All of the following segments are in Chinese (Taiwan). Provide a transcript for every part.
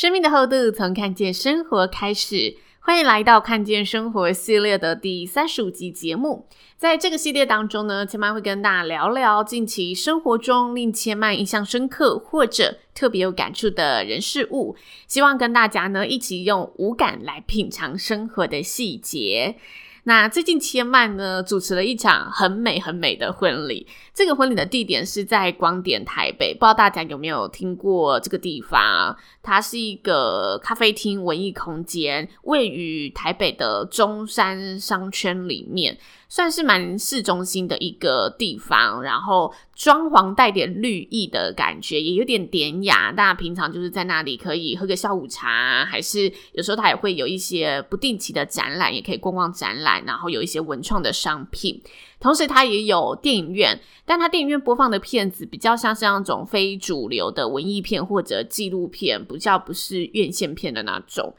生命的厚度，從看見生活開始。歡迎來到看見生活系列的第三十五集節目。在這個系列當中呢，千曼會跟大家聊聊近期生活中令千曼印象深刻或者特別有感觸的人事物。希望跟大家呢一起用五感來品嘗生活的細節。那最近千曼呢主持了一場很美很美的婚禮。這個婚禮的地點是在光點台北，不知道大家有沒有聽過這個地方？它是一個咖啡廳文藝空間，位於台北的中山商圈裡面，算是蠻市中心的一個地方。然後裝潢帶點綠意的感覺，也有點典雅。大家平常就是在那裡可以喝個下午茶，還是有時候它也會有一些不定期的展覽，也可以逛逛展覽，然後有一些文創的商品。同時，它也有電影院，但它電影院播放的片子，比較像是那種非主流的文藝片或者紀錄片，不叫，不是院線片的那種。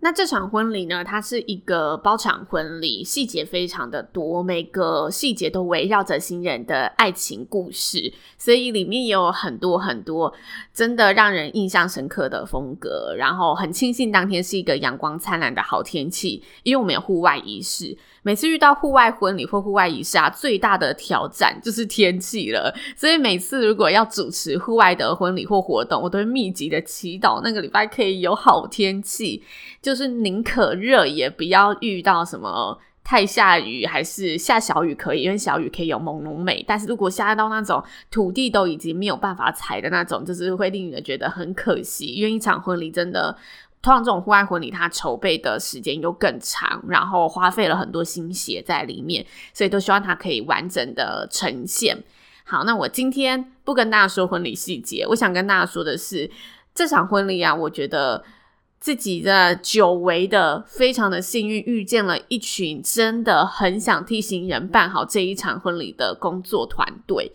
那這場婚禮呢，它是一個包場婚禮，細節非常的多，每個細節都圍繞着新人的愛情故事，所以裡面也有很多很多真的讓人印象深刻的風格，然後很慶幸當天是一個陽光燦爛的好天氣，因為我們有戶外儀式。每次遇到戶外婚禮或戶外儀式，啊，最大的挑戰就是天氣了。所以每次如果要主持戶外的婚禮或活動，我都會密集的祈禱那個禮拜可以有好天氣，就是寧可熱也不要遇到什麼太下雨，還是下小雨可以，因為小雨可以有朦朧美。但是如果下到那種土地都已經沒有辦法踩的那種，就是會令人覺得很可惜，因為一場婚禮真的。通常這種戶外婚禮，它籌備的時間又更長，然後花費了很多心血在裡面，所以都希望它可以完整的呈現。好，那我今天不跟大家說婚禮細節，我想跟大家說的是，這場婚禮啊，我覺得自己的久違的，非常的幸運，遇見了一群真的很想替新人辦好這一場婚禮的工作團隊。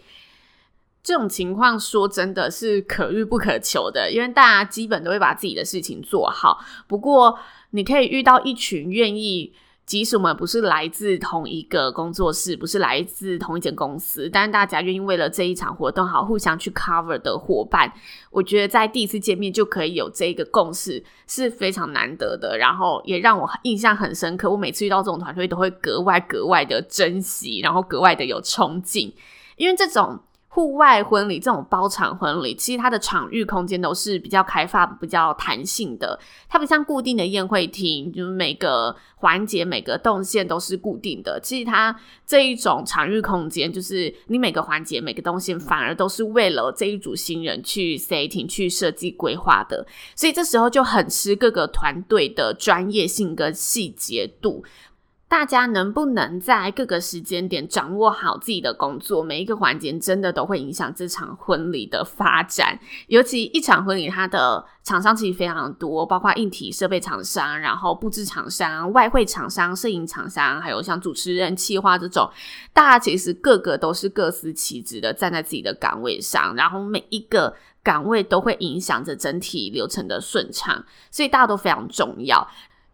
這種情況說真的是可遇不可求的，因為大家基本都會把自己的事情做好。不過，你可以遇到一群願意，即使我們不是來自同一個工作室，不是來自同一間公司，但大家願意為了這一場活動好互相去 cover 的夥伴，我覺得在第一次見面就可以有這個共識是非常難得的。然後也讓我印象很深刻，我每次遇到這種團隊都會格外格外的珍惜，然後格外的有衝勁，因為這種。戶外婚禮這種包場婚禮，其實它的場域空間都是比較開放、比較彈性的。它不像固定的宴會廳，就每個環節、每個動線都是固定的。其實它這一種場域空間，就是你每個環節、每個動線，反而都是為了這一組新人去 setting 去設計規劃的。所以這時候就很吃各個團隊的專業性跟細節度。大家能不能在各個時間點掌握好自己的工作？每一個環節真的都會影響這場婚禮的發展。尤其一場婚禮，它的廠商其實非常多，包括硬體設備廠商、然後布置廠商、外燴廠商、攝影廠商，還有像主持人、企劃這種，大家其實個個都是各司其職的，站在自己的崗位上，然後每一個崗位都會影響着整體流程的順暢，所以大家都非常重要。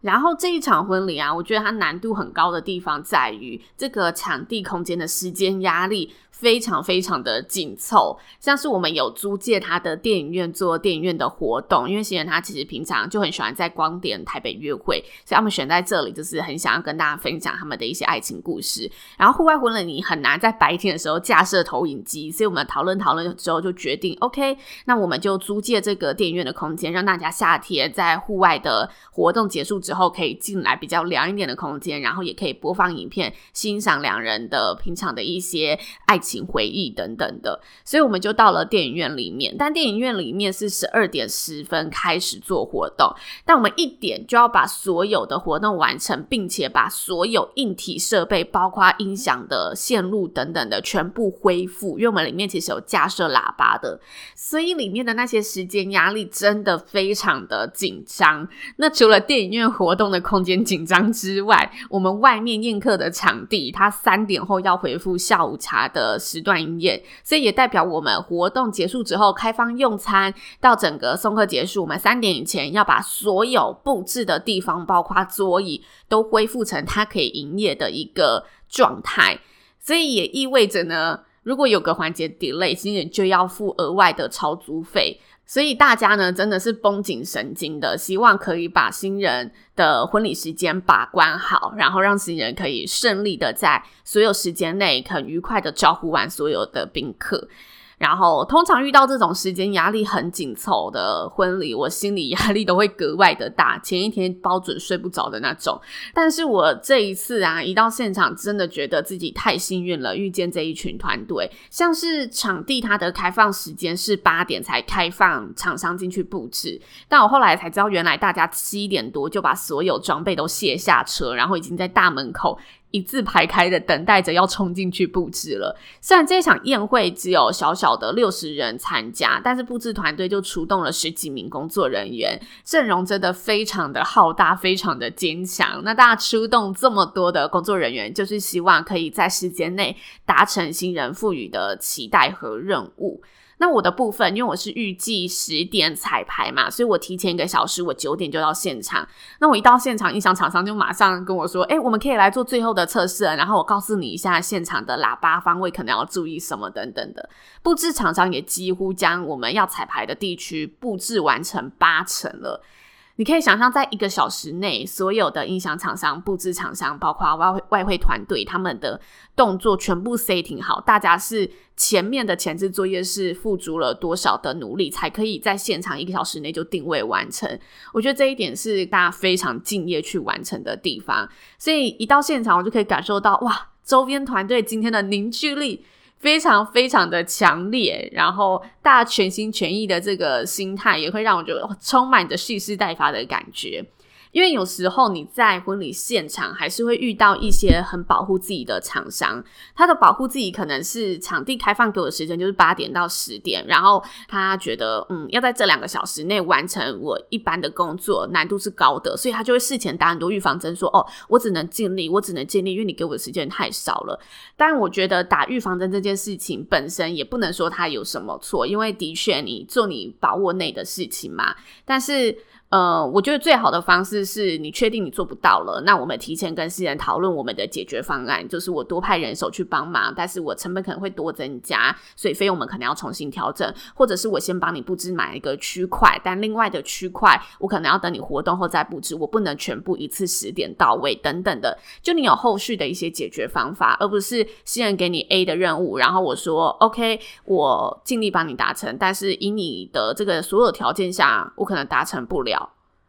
然後這一場婚禮啊，我覺得它難度很高的地方在於這個場地空間的時間壓力。非常非常的緊湊，像是我們有租借他的電影院做電影院的活動。因為新人他其實平常就很喜歡在光點台北約會，所以他們選在這裡就是很想要跟大家分享他們的一些愛情故事。然後戶外婚禮你很難在白天的時候架設投影機，所以我們討論討論之後就決定，OK，那我們就租借這個電影院的空間，讓大家夏天在戶外的活動結束之後，可以進來比較涼一點的空間，然後也可以播放影片，欣賞兩人的平常的一些愛情。情回憶等等的，所以我們就到了電影院裡面。但電影院裡面是十二點十分開始做活動，但我們一點就要把所有的活動完成，並且把所有硬體設備，包括音響的線路等等的全部恢復。因為我們裡面其實有架設喇叭的，所以裡面的那些時間壓力真的非常的緊張。那除了電影院活動的空間緊張之外，我們外面宴客的場地，它三點後要恢復下午茶的時段營業，所以也代表我們活動結束之後開放用餐到整個送客結束，我們三點以前要把所有布置的地方，包括桌椅，都恢復成它可以營業的一個狀態。所以也意味着呢，如果有個環節 delay，新人就要付額外的超租費，所以大家呢，真的是繃緊神經的，希望可以把新人的婚禮時間把關好，然後讓新人可以順利的在所有時間內很愉快的招呼完所有的賓客。然後，通常遇到這種時間壓力很緊湊的婚禮，我心裡壓力都會格外的大，前一天包準睡不着的那種。但是我這一次啊，一到現場，真的覺得自己太幸運了，遇見這一群團隊。像是場地，它的開放時間是八點才開放，廠商進去佈置。但我後來才知道，原來大家七點多就把所有裝備都卸下車，然後已經在大門口。一字排開的等待着要衝進去布置了。雖然這一場宴會只有小小的六十人參加，但是布置團隊就出動了十幾名工作人員，陣容真的非常的浩大，非常的堅強。那大家出動這麼多的工作人員，就是希望可以在時間內達成新人賦予的期待和任務。那我的部分，因為我是預計十點彩排嘛，所以我提前一個小時，我九點就到現場。那我一到現場，音響廠商就馬上跟我說：“誒、欸，我們可以來做最後的測試了。”然後我告訴你一下，現場的喇叭方位可能要注意什麼等等的。布置廠商也幾乎將我們要彩排的地區布置完成八成了。你可以想象，在一個小時內，所有的音響廠商、布置廠商，包括外燴外燴團隊，他們的動作全部 setting 好。大家是前面的前置作業是付足了多少的努力，才可以在現場一個小時內就定位完成。我覺得這一點是大家非常敬業去完成的地方。所以一到現場，我就可以感受到哇，周邊團隊今天的凝聚力非常非常的強烈，然後大家全心全意的這個心態，也會讓我覺得、哦、充滿着蓄勢待發的感覺。因為有時候你在婚禮現場還是會遇到一些很保護自己的廠商，他的保護自己可能是場地開放給我的時間就是八點到十點，然後他覺得嗯，要在這兩個小時內完成，我一般的工作難度是高的，所以他就會事前打很多預防針，說，哦，我只能盡力，我只能盡力，因為你給我的時間太少了。但我覺得打預防針這件事情本身也不能說他有什麼錯，因為的確你做你把握內的事情嘛，但是。呃，我覺得最好的方式是你確定你做不到了，那我們提前跟新人討論我們的解決方案，就是我多派人手去幫忙，但是我成本可能會多增加，所以費用我們可能要重新調整，或者是我先幫你布置買一個區塊，但另外的區塊我可能要等你活動後再布置，我不能全部一次十點到位等等的，就你有後續的一些解決方法，而不是新人給你 A 的任務，然後我說 OK，我盡力幫你達成，但是以你的這個所有條件下，我可能達成不了。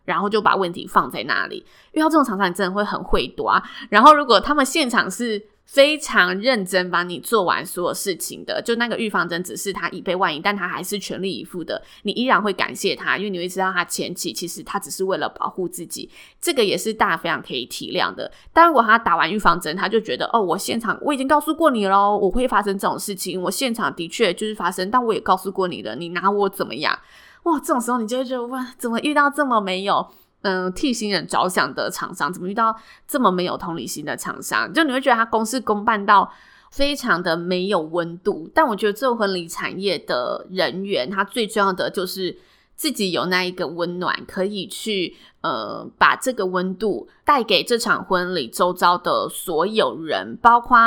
然後就把問題放在那裡，遇到這種廠商真的會很會躲啊。然後如果他們現場是非常認真幫你做完所有事情的，就那個預防針只是他以備萬一，但他還是全力以赴的，你依然會感謝他，因為你會知道他前期其實他只是為了保護自己，這個也是大家非常可以體諒的。但如果他打完預防針，他就覺得哦，我現場我已經告訴過你了，我會發生這種事情，我現場的確就是發生，但我也告訴過你了，你拿我怎麼樣？哇，這種時候你就會覺得，哇，怎麼遇到這麼沒有嗯、呃、替新人着想的廠商？怎麼遇到這麼沒有同理心的廠商？就你會覺得他公事公辦到非常的沒有溫度。但我覺得這婚禮產業的人員，他最重要的就是自己有那一個溫暖，可以去呃把這個溫度帶給這場婚禮周遭的所有人，包括。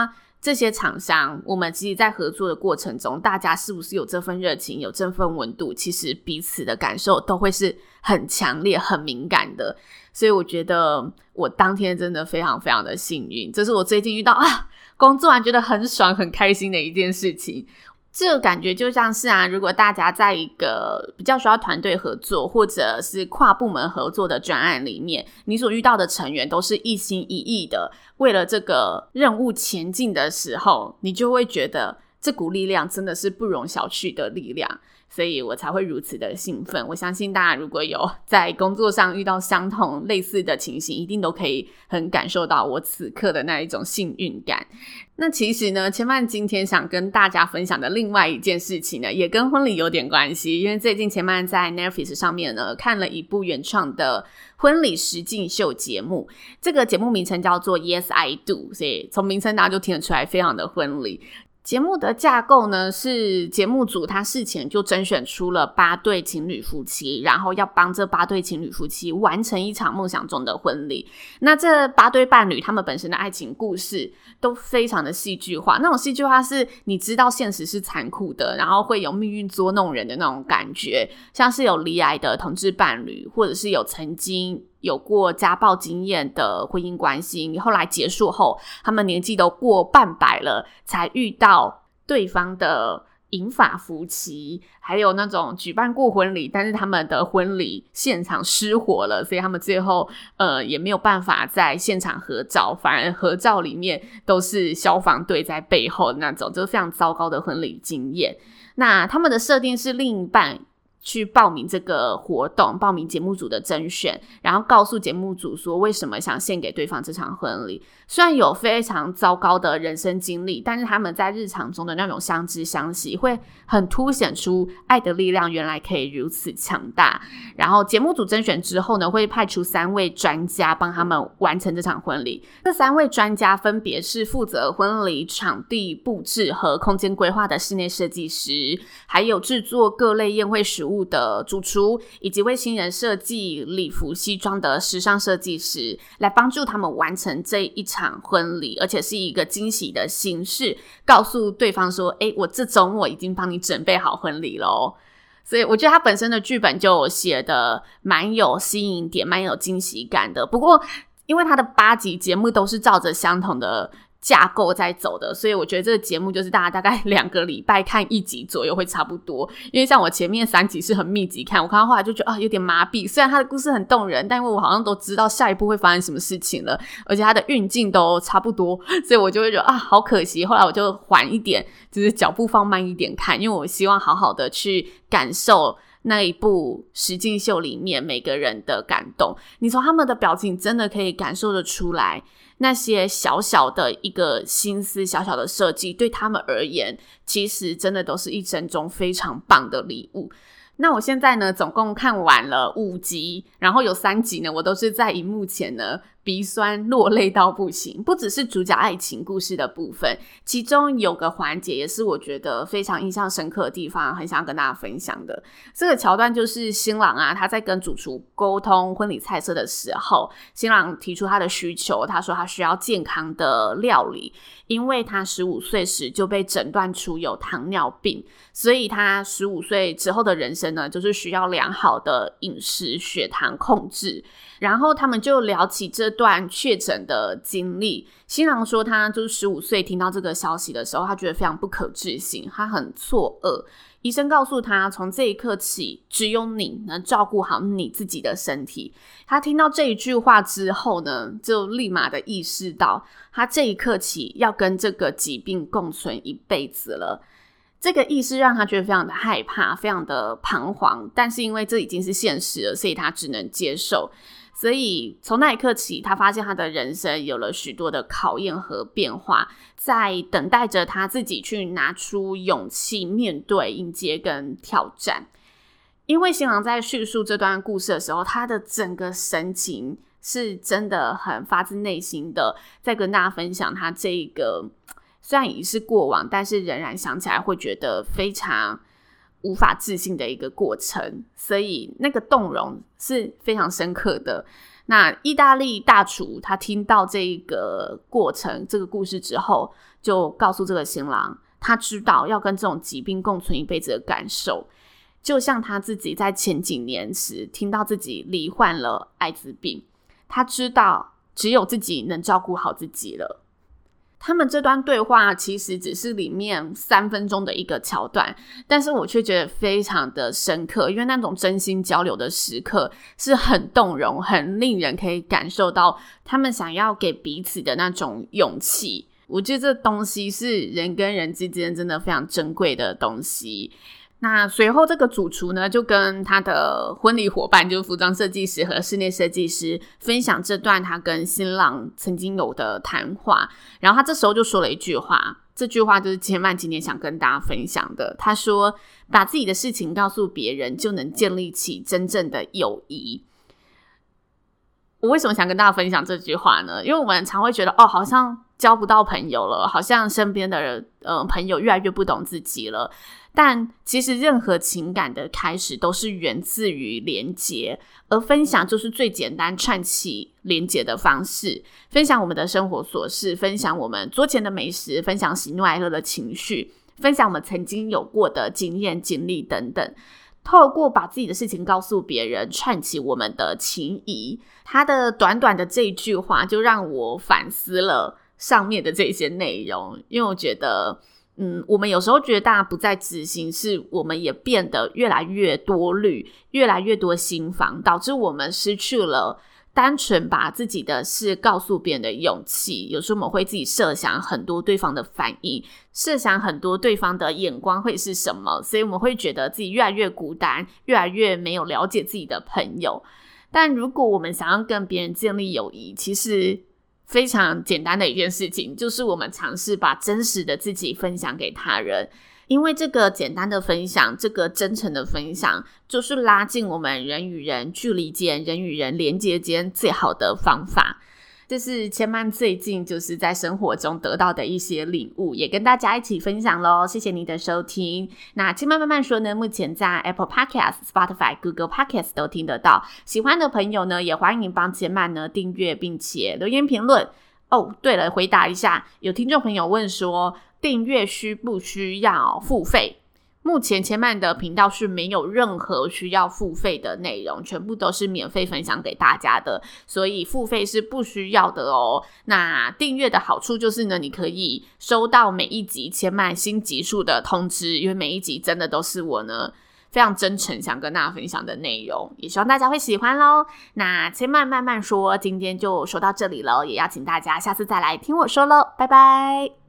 這些廠商，我們其實，在合作的過程中，大家是不是有這份熱情，有這份溫度？其實彼此的感受都會是很強烈、很敏感的。所以，我覺得我當天真的非常非常的幸運，這是我最近遇到啊，工作完覺得很爽、很開心的一件事情。這個感覺就像是啊，如果大家在一個比較需要團隊合作或者是跨部門合作的專案裡面，你所遇到的成員都是一心一意的為了這個任務前進的時候，你就會覺得這股力量真的是不容小覷的力量。所以我才會如此的興奮。我相信大家如果有在工作上遇到相同類似的情形，一定都可以很感受到我此刻的那一種幸運感。那其實呢，千蔓今天想跟大家分享的另外一件事情呢，也跟婚禮有點關係。因為最近千蔓在 Netflix 上面呢，看了一部原創的婚禮實境秀節目，這個節目名稱叫做 Yes I Do，所以從名稱大家就聽得出來，非常的婚禮。節目的架構呢，是節目組他事前就甄選出了八對情侶夫妻，然後要幫這八對情侶夫妻完成一場夢想中的婚禮。那這八對伴侶他們本身的愛情故事都非常的戲劇化，那種戲劇化是你知道現實是殘酷的，然後會有命運捉弄人的那種感覺，像是有罹癌的同志伴侶，或者是有曾經。有過家暴經驗的婚姻關係，後來結束後，他們年紀都過半百了，才遇到對方的銀髮夫妻，還有那種舉辦過婚禮，但是他們的婚禮現場失火了，所以他們最後呃也沒有辦法在現場合照，反而合照裡面都是消防隊在背後的那種，就是非常糟糕的婚禮經驗。那他們的設定是另一半。去報名這個活動，報名節目組的甄選，然後告訴節目組說為什麼想獻給對方這場婚禮。雖然有非常糟糕的人生經歷，但是他們在日常中的那種相知相惜，會很凸顯出愛的力量原來可以如此強大。然後節目組甄選之後呢，會派出三位專家幫他們完成這場婚禮。這三位專家分別是負責婚禮場地布置和空間規劃的室內設計師，還有制作各類宴會食物。物的主廚，以及為新人設計禮服西裝的時尚設計師，來幫助他們完成這一場婚禮，而且是一個驚喜的形式，告訴對方說：“誒、欸，我這周我已經幫你準備好婚禮嘍。”所以我覺得他本身的劇本就寫得蠻有吸引點，蠻有驚喜感的。不過，因為他的八集節目都是照着相同的，架構在走的，所以我覺得這個節目就是大家大概兩個禮拜看一集左右會差不多。因為像我前面三集是很密集看，我看到後來就覺得啊，有點麻痹雖然他的故事很動人，但因為我好像都知道下一步會發生什麼事情了，而且他的運鏡都差不多，所以我就會覺得啊，好可惜。後來我就緩一點，就是腳步放慢一點看，因為我希望好好的去感受。那一部《實境秀》裡面每個人的感動，你從他們的表情真的可以感受得出來。那些小小的一個心思、小小的設計，對他們而言，其實真的都是一生中非常棒的禮物。那我現在呢，總共看完了五集，然後有三集呢，我都是在熒幕前呢。鼻酸落淚到不行，不只是主角愛情故事的部分，其中有個環節也是我覺得非常印象深刻的地方，很想要跟大家分享的。這個橋段就是新郎啊，他在跟主廚溝通婚禮菜色的時候，新郎提出他的需求，他說他需要健康的料理，因為他十五歲時就被診斷出有糖尿病，所以他十五歲之後的人生呢，就是需要良好的飲食血糖控制。然後他們就聊起這段確診的經歷。新郎說，他就是十五歲聽到這個消息的時候，他覺得非常不可置信，他很錯愕。醫生告訴他，從這一刻起，只有你能照顧好你自己的身體。他聽到這一句話之後呢，就立馬的意識到，他這一刻起要跟這個疾病共存一輩子了。這個意識讓他覺得非常的害怕，非常的彷徨。但是因為這已經是現實了，所以他只能接受。所以從那一刻起，他發現他的人生有了許多的考驗和變化，在等待着他自己去拿出勇氣面對、迎接跟挑戰。因為新郎在敘述這段故事的時候，他的整個神情是真的很發自內心的，在跟大家分享他這個，雖然已是過往，但是仍然想起來會覺得非常。無法置信的一個過程，所以那個動容是非常深刻的。那意大利大廚他聽到這一個過程這個故事之後，就告訴這個新郎，他知道要跟這種疾病共存一輩子的感受，就像他自己在前幾年時聽到自己罹患了艾滋病，他知道只有自己能照顧好自己了。他們這段對話其實只是裡面三分鐘的一個橋段，但是我卻覺得非常的深刻，因為那種真心交流的時刻是很動容，很令人可以感受到他們想要給彼此的那種勇氣。我覺得這東西是人跟人之間真的非常珍貴的東西。那隨後，這個主廚呢就跟他的婚禮夥伴，就是服裝設計師和室內設計師分享這段他跟新郎曾經有的談話。然後他這時候就說了一句話，這句話就是千萬今天想跟大家分享的。他說：“把自己的事情告訴別人，就能建立起真正的友誼。”我為什麼想跟大家分享這句話呢？因為我們常會覺得，哦，好像交不到朋友了，好像身邊的人，嗯、呃，朋友越來越不懂自己了。但其實，任何情感的開始都是源自於連結，而分享就是最簡單串起連結的方式。分享我們的生活瑣事，分享我們桌前的美食，分享喜怒哀樂的情緒，分享我們曾經有過的經驗、經歷等等。透過把自己的事情告訴別人，串起我們的情誼。他的短短的這一句話，就讓我反思了上面的這些內容，因為我覺得。嗯，我們有時候覺得大家不再知心，是我們也變得越來越多慮，越來越多心防，導致我們失去了單純把自己的事告訴別人的勇氣。有時候我們會自己設想很多對方的反應，設想很多對方的眼光會是什麼，所以我們會覺得自己越來越孤單，越來越沒有了解自己的朋友。但如果我們想要跟別人建立友誼，其實。非常簡單的一件事情，就是我們嘗試把真實的自己分享給他人，因為這個簡單的分享，這個真誠的分享，就是拉近我們人與人距離間，人與人連結間最好的方法。這是千曼最近就是在生活中得到的一些禮物，也跟大家一起分享嘍。謝謝您的收聽。那千曼慢慢說呢，目前在 Apple Podcast、Spotify、Google Podcast 都聽得到。喜歡的朋友呢，也歡迎幫千曼呢訂閱，並且留言評論。哦，oh，對了，回答一下，有聽眾朋友問說，訂閱需不需要付費？目前千曼的頻道是沒有任何需要付費的內容，全部都是免費分享給大家的，所以付費是不需要的哦。那訂閱的好處就是呢，你可以收到每一集千曼新集數的通知，因為每一集真的都是我呢非常真誠想跟大家分享的內容，也希望大家會喜歡嘍。那千曼慢慢說，今天就說到這裡了，也邀請大家下次再來聽我說嘍，拜拜。